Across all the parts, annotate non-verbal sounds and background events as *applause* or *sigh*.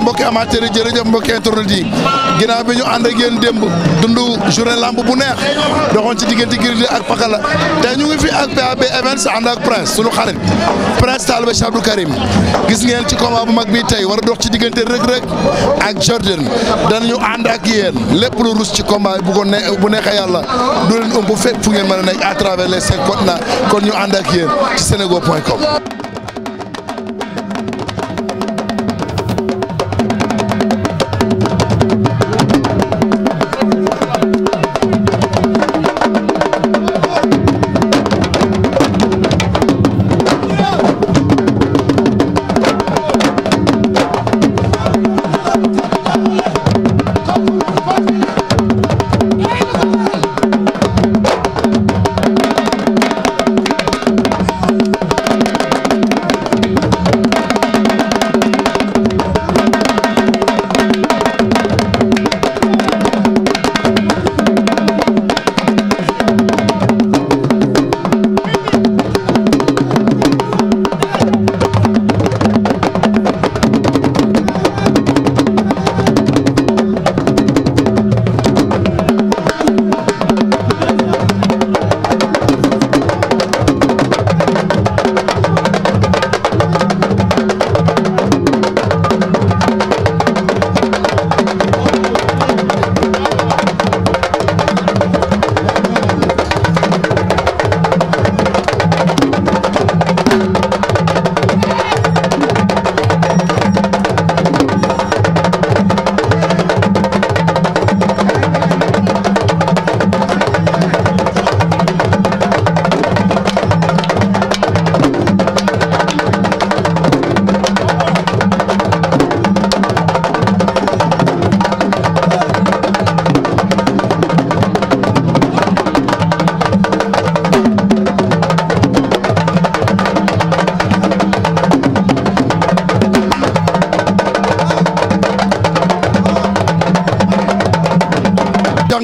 mbokki amateur yi jërëjëf mbokki internet yi ginnaaw bi ñu ànd ak yéen démb dund journée lamb bu neex doxoon ci diggante Gris ak Pakala tey ñu ngi fi ak PAB Events ànd ak prince sunu xarit prince Talibé Cheikh Abdou Karim gis ngeen ci combat bu mag bi tey war a ci diggante Reug Reug ak Jordan danañu ànd ak yéen lépp lu rus ci combat bu ko ne bu neexee yàlla du leen ëmb fépp fu ngeen mën a à travers les cinq continents kon ñu ànd ak yéen ci senego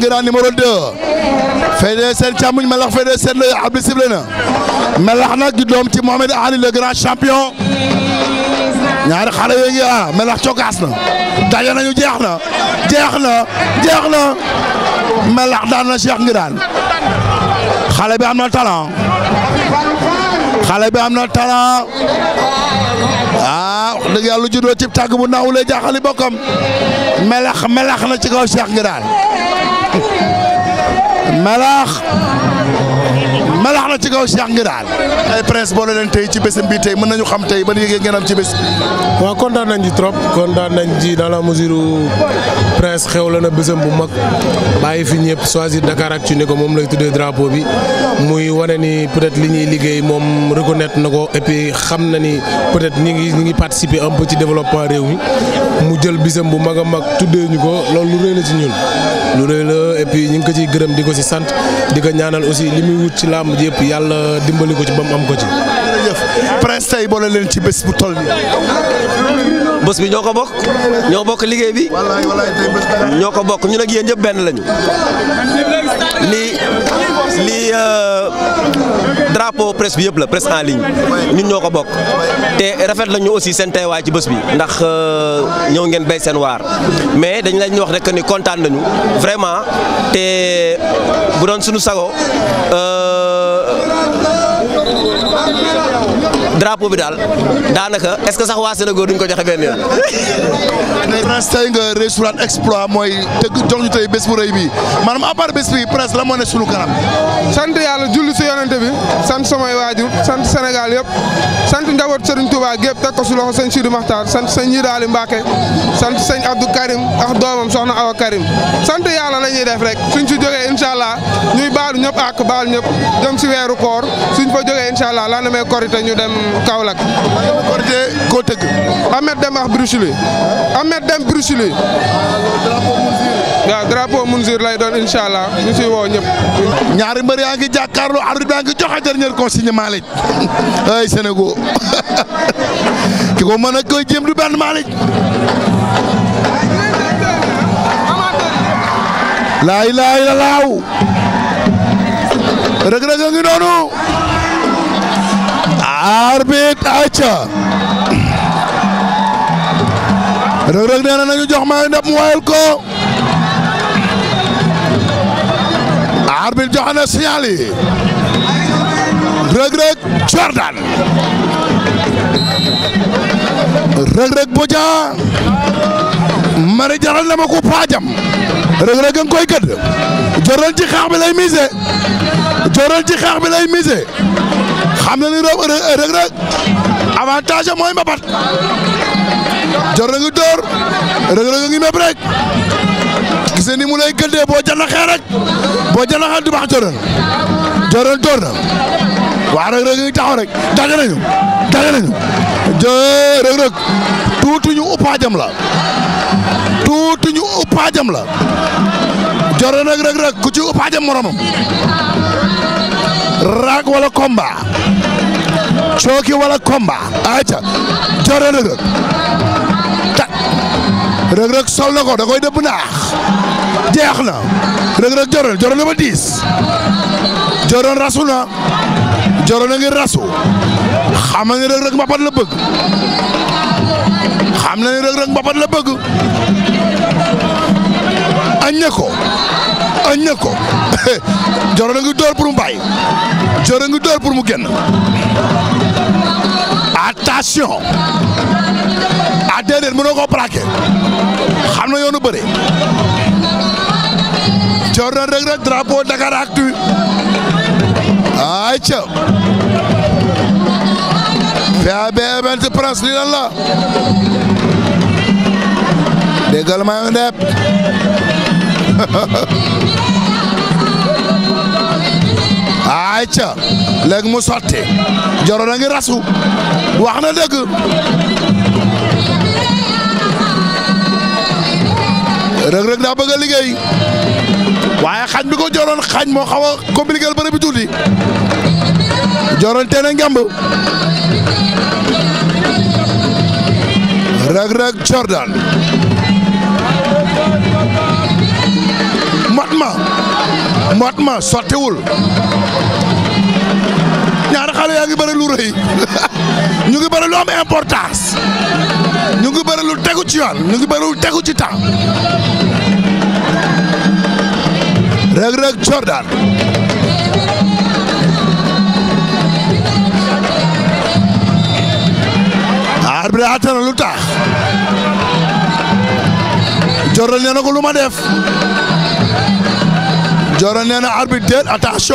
Ngiraan numéro 2 Fede Sène càmmuñ melax Fede Sène la abli sible na melax nag di doom ci Mohamed Ali le grand champion ñaari xale yooyu ngi ah melax cokaas na daje nañu jeex na jeex na jeex na melax daan na Cheikh Ngiraan xale bi am na talent xale bi am na talent ah wax dëgg yàlla lu juddoo cib tàgg bu ndaw lay jaaxali bokkam melax melax na ci kaw Cheikh Ngiraan melax. malax na ci kaw Cheikh ngi daal ay presse boole leen tey ci bésam bi tey mën nañu xam tey ba yëgee ngeen am ci bés waaw kontaan nañ ci trop kontaan nañ ci dans la mesure où xew la na bésam bu mag bàyyi fi ñëpp choisir Dakar ak ci ne ko moom lay tuddee drapeau bi muy wane ni peut-être li ñuy liggéey moom reconnaître na ko et xam na ni peut-être ñi ngi ñi ngi participer un peu ci développement réew mi mu jël bésam bu mag a mag tuddee ñu ko loolu lu rëy ci ñ lu rëy la et ñu ngi ko ciy gërëm di ko ci sant di ko ñaanal aussi li muy wut ci làmb yëpp yàlla dimbali ko ci ba am ko ci. jërëjëf boole leen ci bés bu toll nii. bés bi ñoo ko bokk ñoo bokk liggéey bi ñoo ko bokk ñun ak yéen ñëpp benn lañu lii lii euh, drapeau presse bi yëpp la presse en ligne ñun ñoo ko bokk te rafet la aussi seen teewaay ci bës bi ndax euh, ñëw ngeen béy seen waar mais dañ lañ wax rek ni kontaan nañu vraiment te bu doon suñu sago euh, drapeau bi daal daanaka est-ce que sax waa Sénégal duñ ko joxe benn yoon. Prince tey nga réussir waat exploit mooy tëgg jox ñu tey bés bu rëy bi maanaam à part bés bi Prince la moo ne sunu kanam. sant yàlla julli si yonente bi sant samay waajur sant Sénégal yëpp sant njaboot Serigne Touba gépp teg ko su loxo sëñ yàlla la def rek suñ si jógee incha ñuy baalu ñëpp ak baal ñëpp jëm weeru koor suñ fa jógee incha allah lendemain korite ñu dem. Kaolack. Korité koo tëgg. Ahmed Deme ak Bruce Lee. Ahmed Deme Bruce Lee. waaw drapeau lay doon incha allah ñu siy woo ñëpp. ñaari mbër yaa ngi jàkkaarloo arbitre yaa ngi joxe dernière consigne Malick *laughs* ay Sénégal *laughs* ki ko mën a koy du benn Malick. laay laay la rëg-rëg a noonu. arbitre acca Reug Reug nee na nañu jox maa ndam wayal ko arbitre joxe na signal yi Reug Reug Jordan Reug Reug boja mari jaral na ma ko paajam Reug Reug nga koy gëdd Jordan ci xeex bi lay mise Jordan ci xeex bi lay mise xam na ni rëg rëg rëg mooy mbapat jor na ngi door rëg rëg ngi méb rek gis ni mu lay gëddee boo janaxee rek boo janaxee du baax joral joral door na waa rëg rëg ngi taxaw rek daje nañu daje nañu jë rëg rëg tuuti ñu la tuuti ñu la jor na nag rëg rëg ku ci uppaajam raag wala combat cooki wala komba ayca jox rëg rëg tak rëg rëg sol na ko da koy dëbb naax jeex na rëg rëg joron joron na ba diis joron rasu na joron a ngi rasu xam na ne rëg rëg mbapat la bëgg xam na ne rëg rëg mbapat la bëgg añ ne ko añ na ko *laughs* ngi door pour mu bàyyi Joro ngi door pour mu génn attention ah déedéet mënoo koo plaqué xam na yoonu bëre Joro na Reug Reug drapeau Dakaractu ay ca FAB event prince li lan la déggal ma ngi nepp *laughs* ayca léegi mu sotti Joro na ngi rasu wax na dëgg Reug Reug daa bëgg liggéey waaye xañ bi ko joroon xañ moo xaw a compliqué bëre bi tuuti joroon tee na Jordan mat mot ma sottiwul ñaari xale yaa ngi bëri lu rëy *laughs* ñu ngi bëri lu am importance ñu ngi bëri lu tegu ci yoon ñu ngi bëri lu tegu ci temps Reug Reug Jordan arbitre atte lu tax Jordan nee ko lu ma def Joro nee na arbitre déet laaj ndox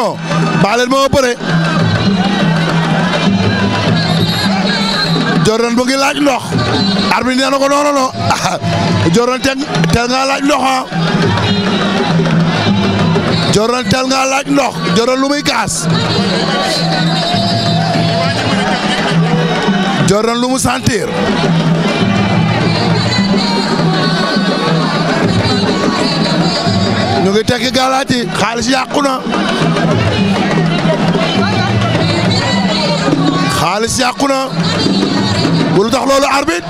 arbitre nee na ko *laughs* ah. lu muy gaas Jordan lu mu sentir ñu ngi tekki galaat yi xaalis yàqu na xaalis yàqu na bu lu tax loolu arbitre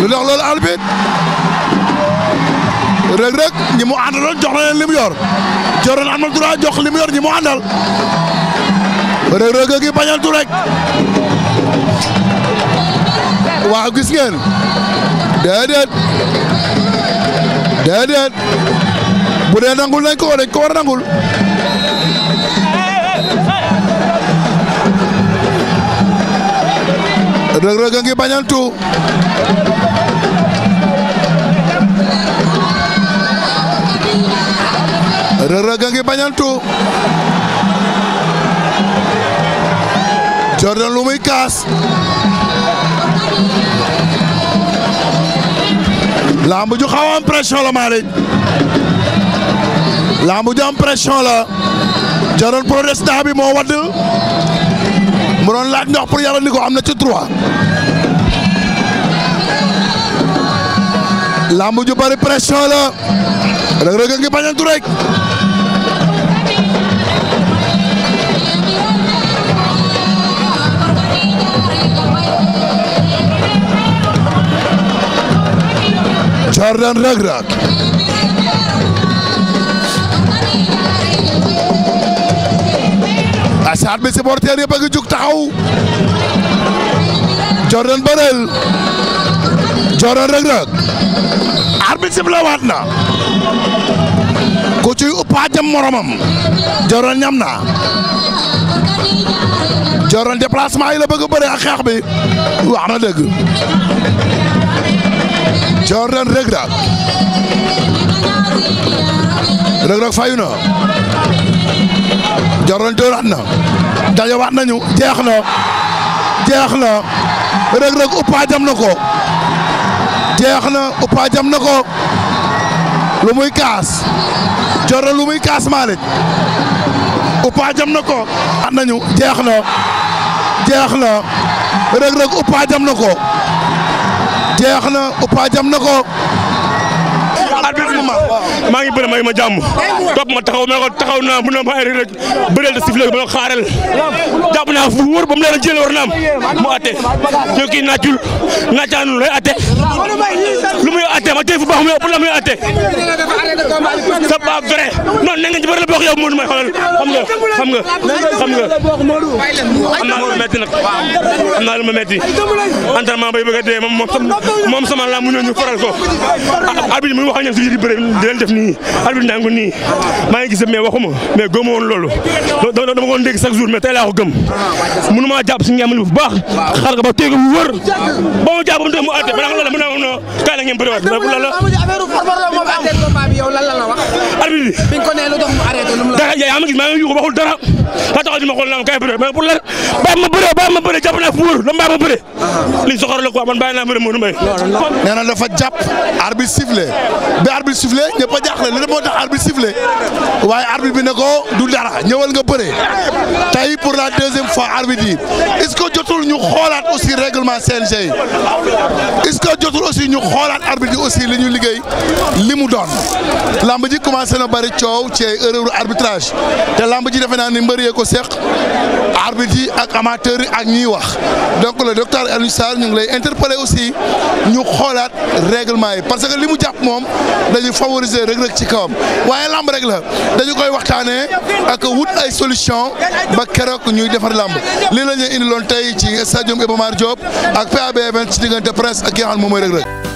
lu tax loolu mu àndaloon jox na leen li mu yor Jordan am na droit li mu yor ñi mu àndal Reug Reug a ngi bañal tu rek waaw gis ngeen déedéet déedéet bu dee nangul nañ ko dañ ko war a nangul. ngi bañantu Reug Reug Jordan lu muy kaas lamb ju xaw am pression laamu ji pression la jaroon protestant bi moo wadd mu doon laaj ndox ni ko am na ci trois laamu ju bari pression la Reug Reug stade bi supporters yëpp a ngi jug taxaw Jordan bëreel Jordan Reug Reug arbitre sifflé waat na ku ciy uppaajam moromam Jordan ñam na Jordan déplacement yi la bëgg bëre ak xeex bi wax na dëgg Jordan Reug Reug Reug Reug fayu na Jordan dóoraat na dajawaat nañu jeex na jeex na Reug Reug uppaa jam na ko jeex na uppaa jam na ko lu muy kaas Jordan lu muy kaas Malick uppaa jam na ko at nañu jeex na jeex na Reug Reug uppaa jam na ko jeex na uppaa jam na ko arbitre bi ma maa ngi bëri may ma jàmm topp ma taxaw ma ne ko taxaw naa mun na ma ay rek bëreel de sifflé ba xaaral jàpp naa fu wóor ba mu leen jël war na mu atte ñu naajul naajaanu lay atte lu muy atte ma tey fu baax muy la non ne nga la bokk yow Modou may xoolal xam nga xam nga xam nga am naa lu ma metti nag am naa lu ma metti entraînement bay bëgg a dee moom moom sama laa ah, wax ñoom si biir bëri di leen def nii arbitre nangu nii maa ngi gis mais waxuma mais gëmu woon loolu dama ko dégg chaque jour mais tey laa gëm mënuma jàpp si ngeen bu baax xar ba téye ko bu wër ba ma jàpp mu dem mu àtte ba loolu mu ne ma non kaay la ngeen bëriwaat loolu la arbitre bi biñ ko nee lu tax mu arrêté lu mu la yaa ma gis maa ngi yuuxu waxul dara ba taxaw di ma xool naa kaay bëre mais pour la ba ma bëre ba ma bëre jàpp naa fu wër la ma bëre uh-huh. liñ soxor la quoi man bàyyi naa bëre Modou Mbaye nee na dafa jàpp arbitre sifflé bi arbitre sifflé ñëpp a jaaxle li moo tax arbitre sifflé waaye arbitre bi ne ko du dara ñëwal nga bëre tey pour la deuxième deuxième fois arbitre yi est-ce que jotul ñu xoolaat aussi jotul aussi ñu xoolaat arbitre yi aussi li ñu liggéey li mu doon lamb ji commencé na bari coow ci ay erreur arbitrage te lamb ji defe naa ni mbëri yee ko seq arbitre yi ak amateurs yi ak ñuy wax donc le docteur Alioune Sarr ñu ngi lay interpeller aussi ñu xoolaat règlement yi parce que li mu jàpp moom dañuy favoriser Reug Reug ci kawam waaye lamb rek dañu koy waxtaanee ak wut ay solution ba keroog ñuy defar Wassare Lamb lii la ñuy indiloon tey ci stadium Iba Mar Diop ak PAB event ci diggante ak ki nga xam ne moom